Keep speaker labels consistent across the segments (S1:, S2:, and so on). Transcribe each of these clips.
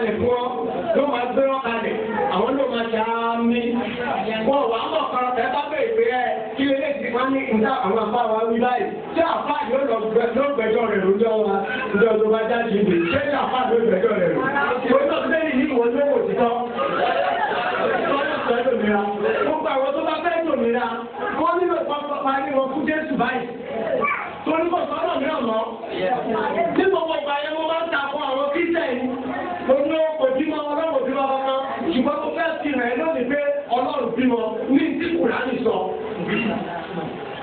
S1: kalẹ̀ fún ọ ló máa gbé ọ kalẹ̀ àwọn ló máa ṣàmì. wọn wà á mọ̀ kan ẹ bá bẹ̀rẹ̀ pé ẹ kí lè lè ti wá ní nǹkan àwọn àbá wa wí báyìí ṣé àbá yóò lọ gbẹjọ rẹ lójọ wa lójọ tó bá jáde ìdè ṣé àbá yóò gbẹjọ rẹ lọ. wọ́n tó bẹ́ẹ̀ ni ìwọ ló wò títọ́. wọ́n tó bá fẹ́ lòmìnira wọ́n nílò pápá ní wọn fún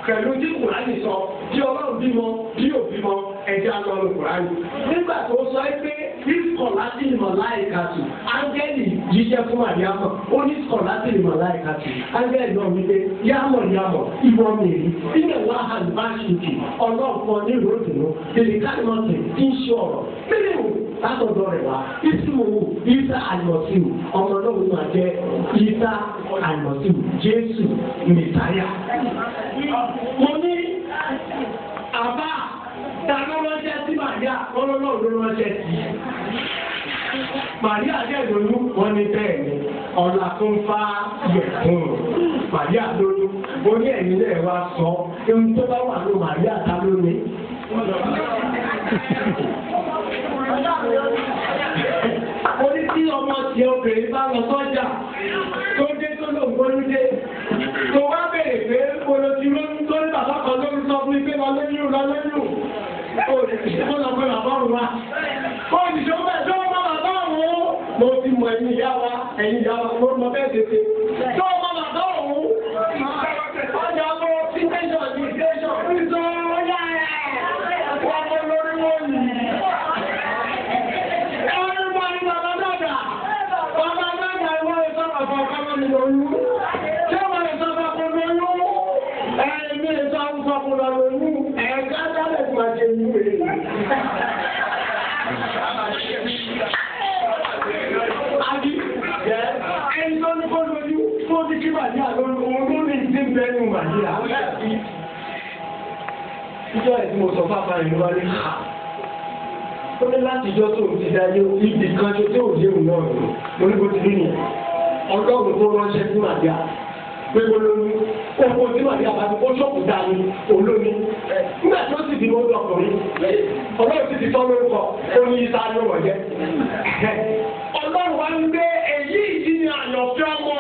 S1: pẹ̀lú tí kùránì sọ bí ọlọ́run bímọ bí yóò bímọ ẹ̀jẹ̀ alọ́run kùránì. nígbà tó sọ é pé ìsọ̀ láti ìmọ̀ láìkàtù áńgẹ́lì jíjẹ́ fún àyàmọ̀ ó ní ìsọ̀ láti ìmọ̀ láìkàtù áńgẹ́lì náà wípé yàmọ̀ yàmọ̀ ìwọ mèrí ilẹ̀ wà hàn bá ṣùkì ọlọ́ọ̀kan nílùú òdùnú tèlé káàmọ̀tì ń ṣe ọ̀rọ̀ látọ̀dọ̀ rẹ̀ wá ìsú ìsá àlùmọ̀síù ọmọ náà máa jẹ́ ìsá àlùmọ̀síù jésù mìtáyà. mo ní àbá tàbí sí màríà ọlọ́lọ́ ló sí i. màríà jẹ́ wọn ni ọ̀la tó ń fa yẹ̀kùn màríà lóyún sọ tó bá wà ló màríà mo tí ọmọ tí obìnrin bá lọ sọ́jà tó dé tó lò ń gbólú tó wá bèrè pé polo ti lóyún tó ní bàbá kan lórí sọ fún mi lọ lóyún lọ lóyún ó lọ pé bàbá òun wá. ó ní sọ pé sọ ma bàbá òun mo ti mọ ẹ̀yin ìyá wa ẹ̀yin ìyá wa mo mọ bẹ́ẹ̀ tètè. ìlà ìjọ ẹ̀ tí mo sọ fún àbáyé ló wá ní ha ó ní láti ìjọ tó ti dáyé ibi kan tó tí ò yé òun náà rò mo ní bó ti rí nìyẹn ọlọ́run tó ránṣẹ́ fún àdíà pé mo lóyún owó tí màdíà bá ti ó ṣòkò dání olómi nígbà tí ó sì di mọ́tò ọkùnrin ọlọ́run sì ti tọ́ lórúkọ ó ní ìta ló wọ̀ jẹ́ ọlọ́run wá ń gbé èyí ìdí ni àyànfẹ́ ọmọ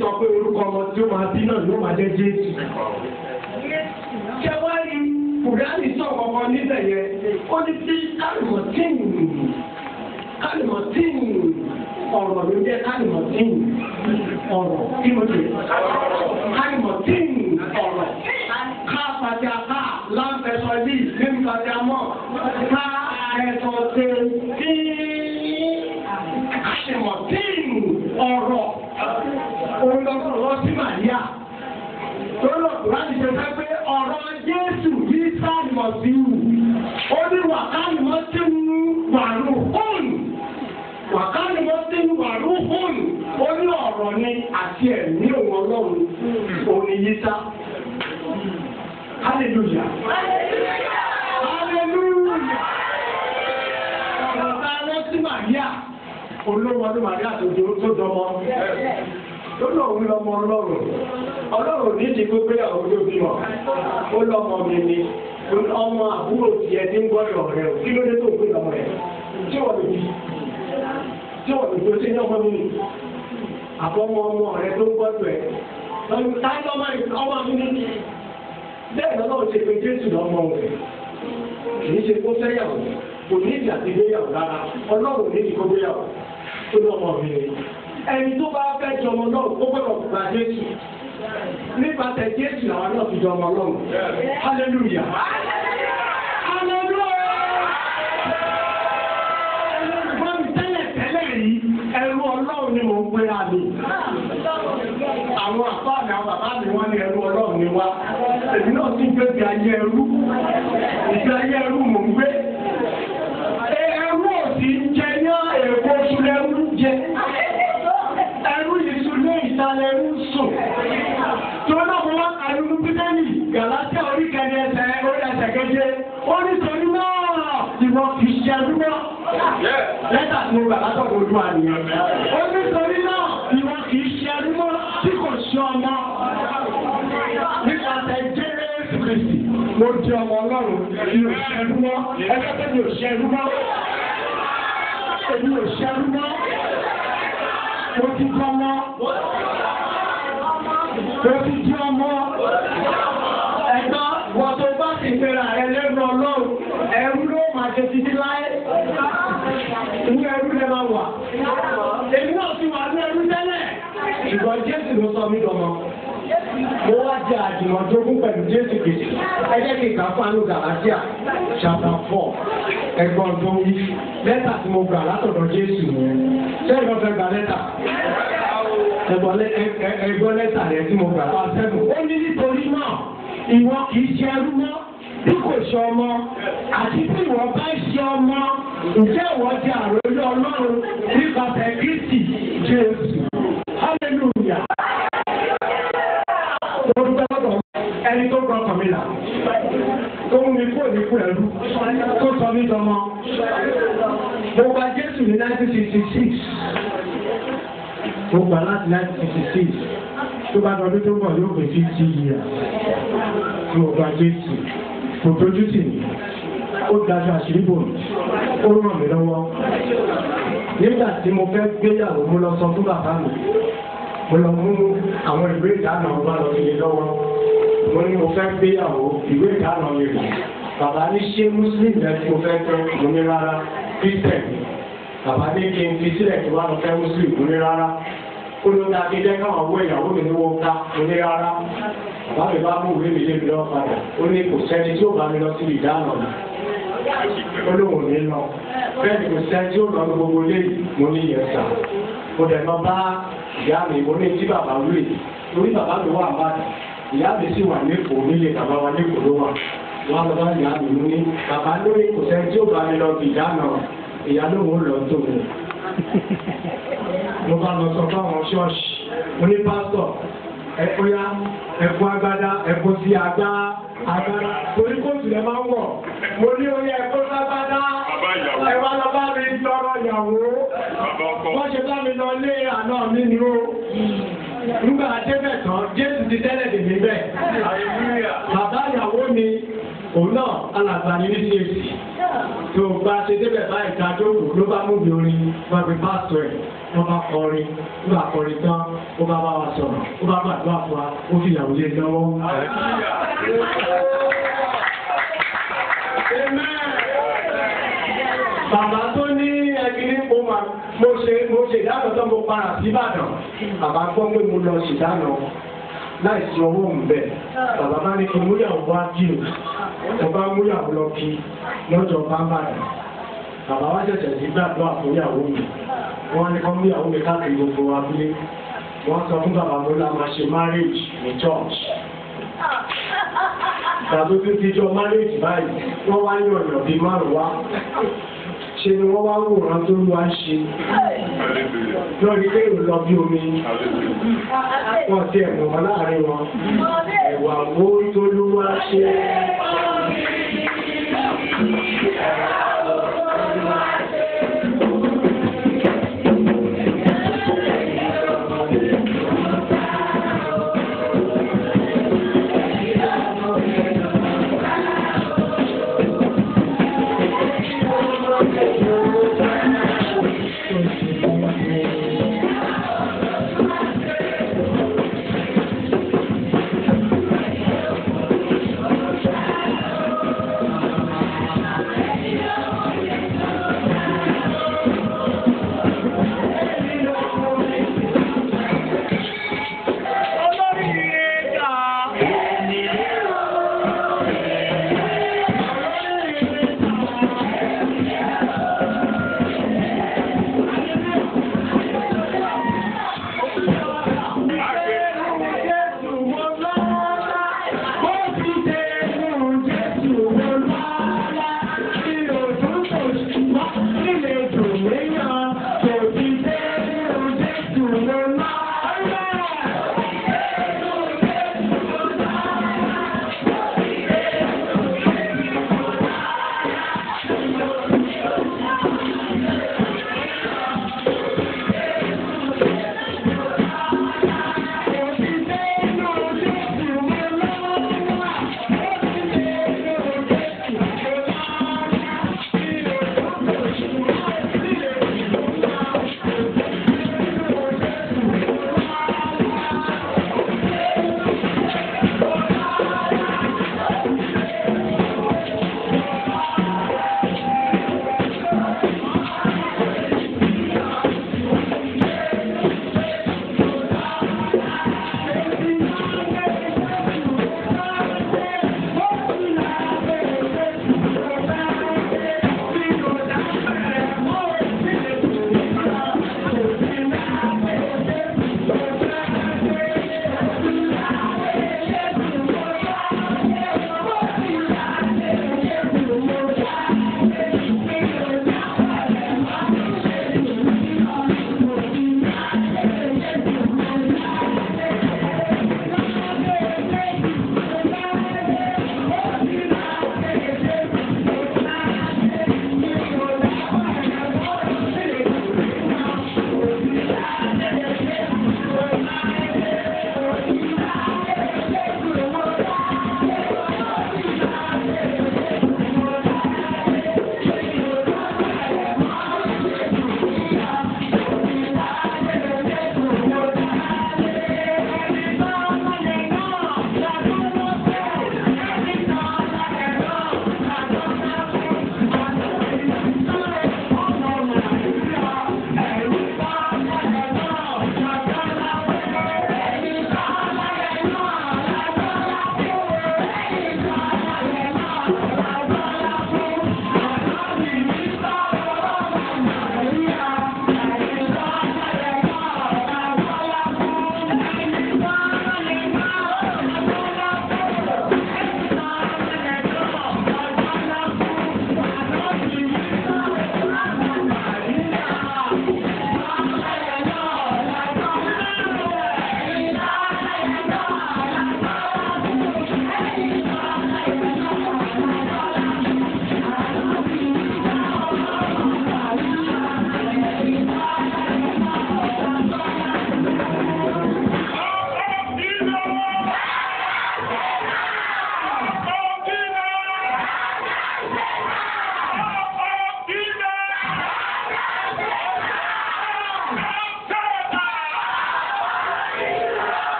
S1: sọ pé orúkọ ọmọ tí ó máa bí náà ló máa jẹ́ Jésù. Ṣẹ̀wárí Kùránì sọ kọ̀ọ̀kan níbẹ̀ yẹn, ó ní sí kálùmọ̀tìnì kálùmọ̀tìnì ọ̀rọ̀ ló jẹ́ kálùmọ̀tìnì ọ̀rọ̀ kí ló dé? Kálùmọ̀tìnì ọ̀rọ̀ ká pàtẹ àká láǹfẹ̀sọ̀ yìí nínú pàtẹ àmọ́ ká ẹ̀sọ̀ tẹ̀ sí
S2: kálùmọ̀tìnì ọ̀rọ̀
S1: bí Màríà. Tọ́lọ̀ Kùránì ṣe fẹ́ pé ọ̀rọ̀ Jésù yìí sáàlì sí wù. Ó ní wàkàlì mọ́ sí wù wàrú hóònù. Wàkàlì mọ́ sí wù wàrú hóònù. Ó ní ọ̀rọ̀ ni àti ẹ̀mí òun ọlọ́run òní yìí sá. Hallelujah. Hallelujah. Hallelujah. Ọ̀rọ̀ ta lọ sí Màríà. Olówó ọdún Màríà tó dọmọ lọ́nà òun lọ́mọ ọlọ́run ọlọ́run ní ti gbogbo àwọn olóbìmọ̀ ó lọ́mọ mi ni ọmọ àbúrò tiẹ̀ ti ń gbọ́dọ̀ rẹ̀ kí ló dé tó gbé lọ́mọ rẹ̀ tí wọ́n lè fi tí wọ́n lè fi ó ti ní ọmọ mi ni àbọ̀mọ ọmọ rẹ̀ tó ń gbọ́dọ̀ ẹ̀ táyọ̀ ọmọ mi ni bẹ́ẹ̀ lọ́wọ́ ṣe pé jésù lọ́mọ rẹ̀ kì í ṣe kó fẹ́yàwó kò ní ìdí àti gbéyàwó rárá ọlọ́run ní ti gbéyàwó ẹni tó bá fẹ́ jọmọ náà ó gbọ́dọ̀ gba Jésù nípa tẹ̀ Jésù làwọn náà fi jọmọ náà hallelujah. ẹrú ọlọ́run ni mò ń pè á mi. Àwọn àbá mi àwọn bàbá mi wọ́n ní ẹrú ọlọ́run ni wá. Èmi náà sì gbé ìgbé ayé ẹrú. Ìgbé ayé ẹrú. lẹ́tà tí mo gbà látọ̀dọ̀ ojú àníyàn. ó ní torí náà ìwọ kì í ṣe ẹni mọ́ tí kò ṣe ọmọ. nípasẹ̀ Jésù Kristi mo di ọmọ Ọlọ́run ìlú ìṣẹ́rú mọ́ ẹgbẹ́ tó ní òṣèlú mọ́ èmi ò ṣẹ́rú mọ́ mo ti kọ́ mọ́ mo ti di ọmọ ẹ̀gbọ́n wọ́n tó bá sì fẹ́ra ẹ Ọlọ́run ẹ̀rú ló máa ṣe títí láì. ṣùgbọ́n Jésù ló sọ mí lọ́mọ. Mo wá jẹ àjùmọ̀jogún pẹ̀lú Jésù Kìsì. Ẹ jẹ́ kí ìkà fún Anúgà Àlàáfíà chapter four ẹgbọ́n tó ń yí. Lẹ́tà tí mo gbà látọ̀dọ̀ Jésù nìyẹn. Ṣé ìlọ fẹ́ gba lẹ́tà? Ẹgbọ́n lẹ́tà rẹ̀ tí mo gbà lọ́wọ́ sẹ́nu. Ó ní nítorí náà, ìwọ kì ṣe ẹrú mọ́ bí kò ṣe ọmọ àti bí ìwọ bá ṣe ọmọ ǹjẹ́ jẹ àròlé Ọlọ́run nípasẹ̀ Kristi Jésù. Jésù ní 1966. Mo gbà láti 1966. Tó bá dọdún tó bọ̀ yóò pé fifty years. Mo gbà Jésù. Kò tójú sí mi. Ó dájú àṣírí bò mí. Ó ràn mí lọ́wọ́. Nígbà tí mo fẹ́ gbéyàwó, mo lọ sọ fún bàbá mi. Mo lọ mú àwọn ìwé ìdáná ọba lọ sí mi lọ́wọ́. Mo ní mo fẹ́ gbéyàwó ìwé ìdáná mi rè. Bàbá ní ṣé Mùsùlùmí lẹ́tí mo fẹ́ fẹ́ mo ní rárá. Christian bàbá ní kí n fi sílẹ̀ kí wọ́n fẹ́ mùsùlùmí kò ní rárá ó ló ta kí jẹ́ káwọn owó ìyàwó mi ní wọ́n ká kò ní rárá bàbá mi bá mú ìwé mi lé mi lọ padà ó ní kò sẹ́ni tí ó bá mi lọ síbi ìdáná mi ó lóun ní lọ bẹ́ẹ̀ ni kò sẹ́ni tí ó lọ ní gbogbo lé mo ní yẹn sà mo dẹ̀ lọ bá ìyá mi mo ní tí bàbá wúlò torí bàbá mi wà bàtà ìyá mi sì wà lẹ́kọ̀ọ́ nílé bàbá wa lẹ́kọ̀ọ́ ló wà wọn lọ bá ìyá mi mú ní bàbá lórí kò sẹ́ni tí ó bá mi lọ bì dáná ìyá lóun lọ tó o mo bá lọ sọ fáwọn ṣọ́ọ̀ṣì mo ní pásítọ̀ ẹ kóyá ẹ kó agbádá ẹ kó sí agbá agbádá torí kóòtù lẹ máa ń wọ̀ mo ní oyè ẹ kó sábádá ẹ wá lọ bá mi lọ́rọ̀ ìyàwó wọ́n ṣe bá mi lọ lé àná mi ni o nígbà débẹ̀ tán Jésù ti tẹ́lẹ̀ dè mí bẹ́ẹ̀ bàbá ìyàwó mi òun náà alàgbà ni ní ṣe é tó bá ṣe débẹ̀ báyìí ká jókòó ló bá mú mi orin wọ́n fi pásítọ̀ ẹ̀ wọ́n bá kọrin wọ́n bá kọrin tán ó bá bá wa sọ̀rọ̀ ó bá gbàdúrà fún wa ó fi ìyàwó lé lọ́wọ́. bàbá tó ní ẹgbẹ́ mo mà mo ṣe mo ṣe ìdáná tó mo para sí Ìbàdàn bàbá gbọ́ pé mo lọ ṣèdáná láì sí ọwọ́ òǹbẹ̀ bàbá bá ní kí múyàwó wá kí o mo bá múyàwó lọ kí lọ́jọ́ pàmbàdà bàbá wá ṣẹ̀ṣẹ̀ sí gbàdúrà fúnyàwó mi wọ́n ní kọ́ múyàwó mi káàkiri gbogbo abúlé wọ́n sọ fún bàbá mo la máa ṣe marriage ní church tàbí tó ti jọ marriage báyìí wọ́n wá ní ọ̀nà bíi márùn-ún wá ṣe ni wọ́n wá wòran tó ló wá ṣe lórí pé èrò lọ bí omi wọn ti ẹ̀mọ̀ wọn láàrin wọn ẹ̀wà wo tó ló wá you.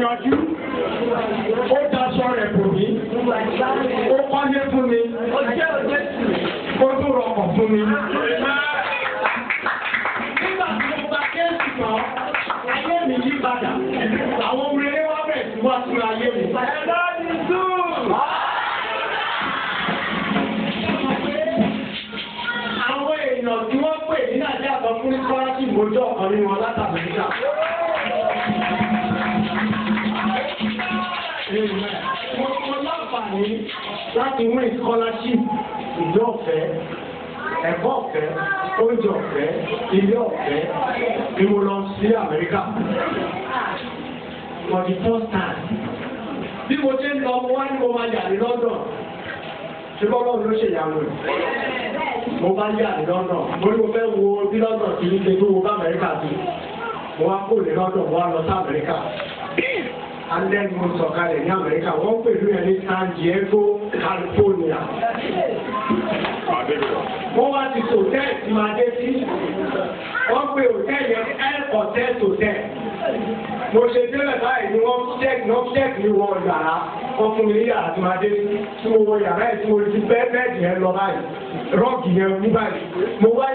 S1: yanjú ó daṣọ rẹ̀ bò mí ó pálé fún mi ó tó rọkọ̀ fún mi. nígbà tí mo gba kéésì kan ayé mi yí padà àwọn ọmọ eré wá bẹ̀rẹ̀ sí wá sí ayé mi. àwọn èèyàn tí wọ́n pè ní nàìjíríà kan ní kọ́lá sí ìmọ̀jọ́ ọ̀kan nínú wọn látàbí níta. ní láti win scholarship ìlú ọ̀fẹ́ ẹ̀kọ́ ọ̀fẹ́ oúnjẹ ọ̀fẹ́ ilé ọ̀fẹ́ ni mo lọ sí Amẹ́ríkà for the first time bí mo ṣe ń lọ mo wá ní mo máa yà ní London ṣé bọ́lá ló ṣe ìyàwó rẹ̀ mo bá yà ní London mo ní mo fẹ́ wo bí London ti ní ṣe tó wo bá Amẹ́ríkà sí mo wá kó lè London mo wá lọ sí Amẹ́ríkà alẹ́nu sọ̀kalẹ̀ ní Amẹ́ríkà wọ́n pẹ̀lú ẹ̀ ní San Diego California. wọ́n wá ti sòtẹ́ẹ̀ tí máa dé sí wọ́n pe òtẹ́ẹ̀lì ẹ̀ ọ̀tẹ́ tòtẹ́ mo ṣe délẹ̀ báyìí ni wọ́n tẹ́ẹ̀kì wọ́n tẹ́ẹ̀kì ní wọ́n yàrá wọ́n fún mi ní yàrá tí máa dé tí mo wọ yàrá ẹ̀ tí mo ti bẹ́ẹ̀ bẹ́ẹ̀dì yẹn lọ báyìí rọ́ọ̀gì yẹn ní báyìí mo wá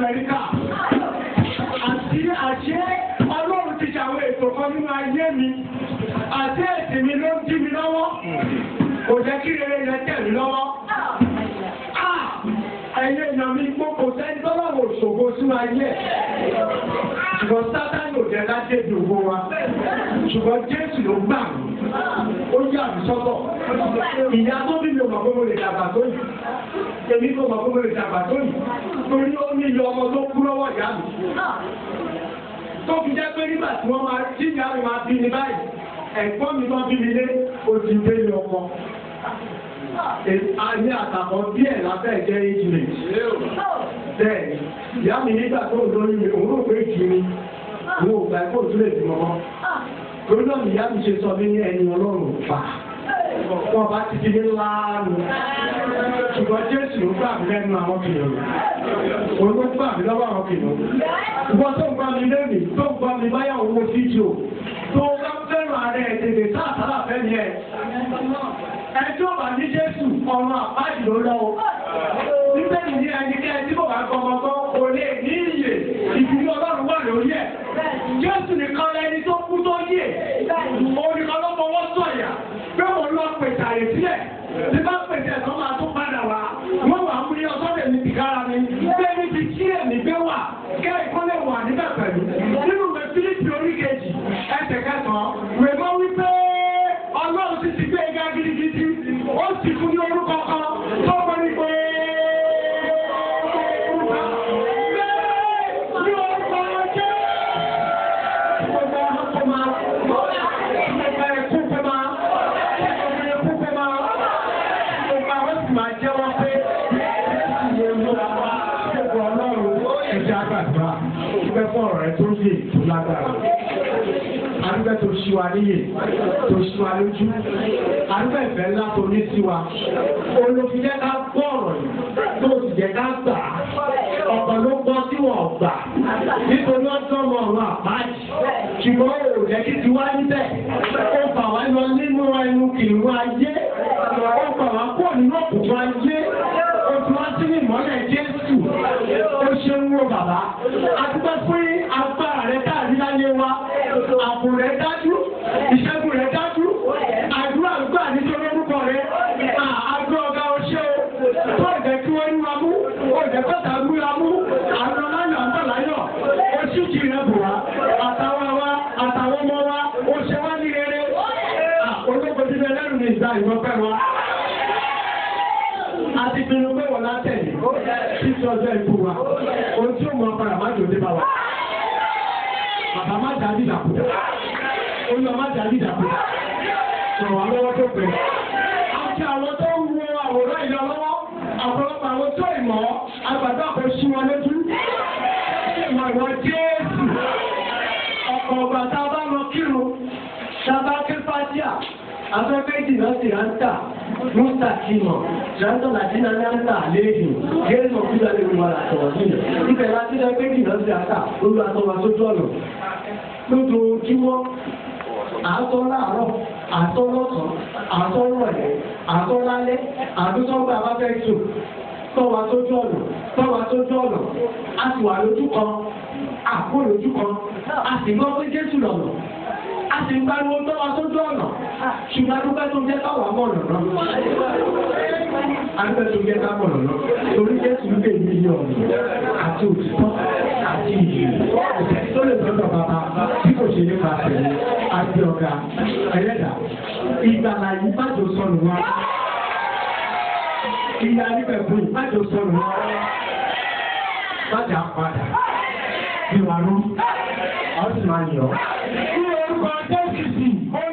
S1: Amẹ́ríkà. Àti àṣẹ ọlọ́run ti ṣàwọn ètò kan nínú ayé mi. Àti èsì mi ló ń dí mi lọ́wọ́. Kò jẹ́ kí rere yẹn tẹ̀ mí lọ́wọ́. Ẹyẹ èèyàn mi gbó kò sẹ́ni tọ́lọ́wọ̀ ṣògo sínú ayé. Ṣùgbọ́n Sátánì ò jẹ́ láti èdè ògbó wa. Ṣùgbọ́n Jésù ló gbà Ó yà mí sọ́tọ̀. Ìyá tó bí mi ò mọ̀ pé mo lè dàgbà tó yìí ṣe ní kò mọ̀ fún mi ìjàmbá tó yìí torí ó ní iye ọmọ tó kú lọ́wọ́ ìyá mi. tó fi jẹ́ pé nígbà tí wọ́n máa tí ìyá mi máa bí mi báyìí ẹ̀gbọ́n mi máa bí mi lé oṣù tó yẹ ọmọ. Ayé àtàkọ́ díẹ̀ lábẹ́ jẹ́ ìjìnlẹ̀. Bẹ́ẹ̀ni, ìyá mi nígbà tó ń lórí mi, òun rò pé jù mi, mo ò gbà ẹ̀kọ́ òtún lè dì mọ́. Torí náà ìyá mi ṣe sọ mí ní ẹni ọlọ́run fà wọn bá ti di ńlá nù. ṣùgbọ́n jésù ló gbà mí lẹ́nu àwọn kìnìún òun ló gbà mí lọ́wọ́ àwọn kìnìún. ṣùgbọ́n tó ń gbà mí lónìí tó ń gbà mí báyà owó fídíò tó ń bá fẹ́ràn ara ẹ̀ tètè sáàtàlà fẹ́ ni ẹ̀. ẹjọ́ bá ní jésù ọ̀run àpáàdì ló lọ́wọ́. níbẹ̀ ni ẹnikẹ́ni tí kò bá gbọmọgbọ́ kò lè ní iyè ìdílé ọlọ́run pèsè àyè sílẹ̀ tí bá pèsè ẹ̀ tó máa tún padà wá. gbàdúrà dúpẹ́ fún ọ̀rọ̀ rẹ tó yè tó lágbára adúpẹ́ tó ṣí wa níyè tó ṣí wa lójú adúpẹ́ ìfẹ́ ńlá tó ní sí wa olùfijẹ́ ká gbọ́ ọ̀rọ̀ yìí tó sì jẹ́ ká gbà ọ̀pọ̀ ló gbọ́ tí wọ́n gbà nítorí ọjọ́ wọn ọ̀rọ̀ àpáàjì ṣùgbọ́n èrò jẹ́ kí ti wá níbẹ̀ ó fà wá lọ nínú ẹnu kìlú ayé ó fà wá kúrò nínú òkùnkùn ayé ó fi wá sínú ìmọ́lẹ̀ jẹ́. dáadáa ìwọ pẹ́ wọn. a ti pinnu pé wọn látẹ̀lé títí ọjọ́ ikú wa ohun tí ó mọ ọkọ rẹ̀ má jò dé bá wa. bàbá má dà bí dàkúdà olùwà má dà bí dàkúdà sọ̀rọ̀ wà lọ́wọ́ tó pẹ́. àti àwọn tó ń wo àwòrán ìlọ lọ́wọ́ àpọ̀lọpọ̀ àwọn tó ìmọ̀ àgbàdo àpò sí wọn lójú. afẹ́fẹ́ ìdìbò sì rà ń tà mọ́tà kìmọ̀ ṣàǹtọ̀ láti náà ní à ń tà léèdùn gẹ́gẹ́ mọ̀ kúlẹ̀ lè wà látọ̀ sílẹ̀ ibẹ̀ láti náà pé ìdìbò sì rà ń tà lórí àtọwà tó dọ̀nà lójoojúmọ́ àtọ́ láàárọ̀ àtọ́ lọ́sàn-án àtọ́ rọ̀lẹ́ àtọ́ lálẹ́ àtúntọ́gbà afẹ́fẹ́ ìtò tọ́wà tó dọ̀nà tọ́wà tó dọ̀nà á sì wà lójú kan àkó lójú kan á sì gbọ́ pé Jésù lọ́nà a sì ń pariwo tó wa sójú ọ̀nà ṣùgbọ́n adúgbò tó ń jẹ́ ká wà mọ̀ lọ́nà. adúgbò tó ń jẹ́ ká mọ̀ lọ́nà torí jésù ń bè mí yọ̀ àti òtítọ́ àti ìyè tó lè gbọ́dọ̀ bàbá bí kò ṣe nípa tẹ̀lé àti ọ̀gá ẹlẹ́dà ìgbàlá yìí má jò sọnù wa ìyá níbẹ̀ fún yìí má sọnù wa má jà bí wàá rú ọ̀sùn orúkọ jésù sí.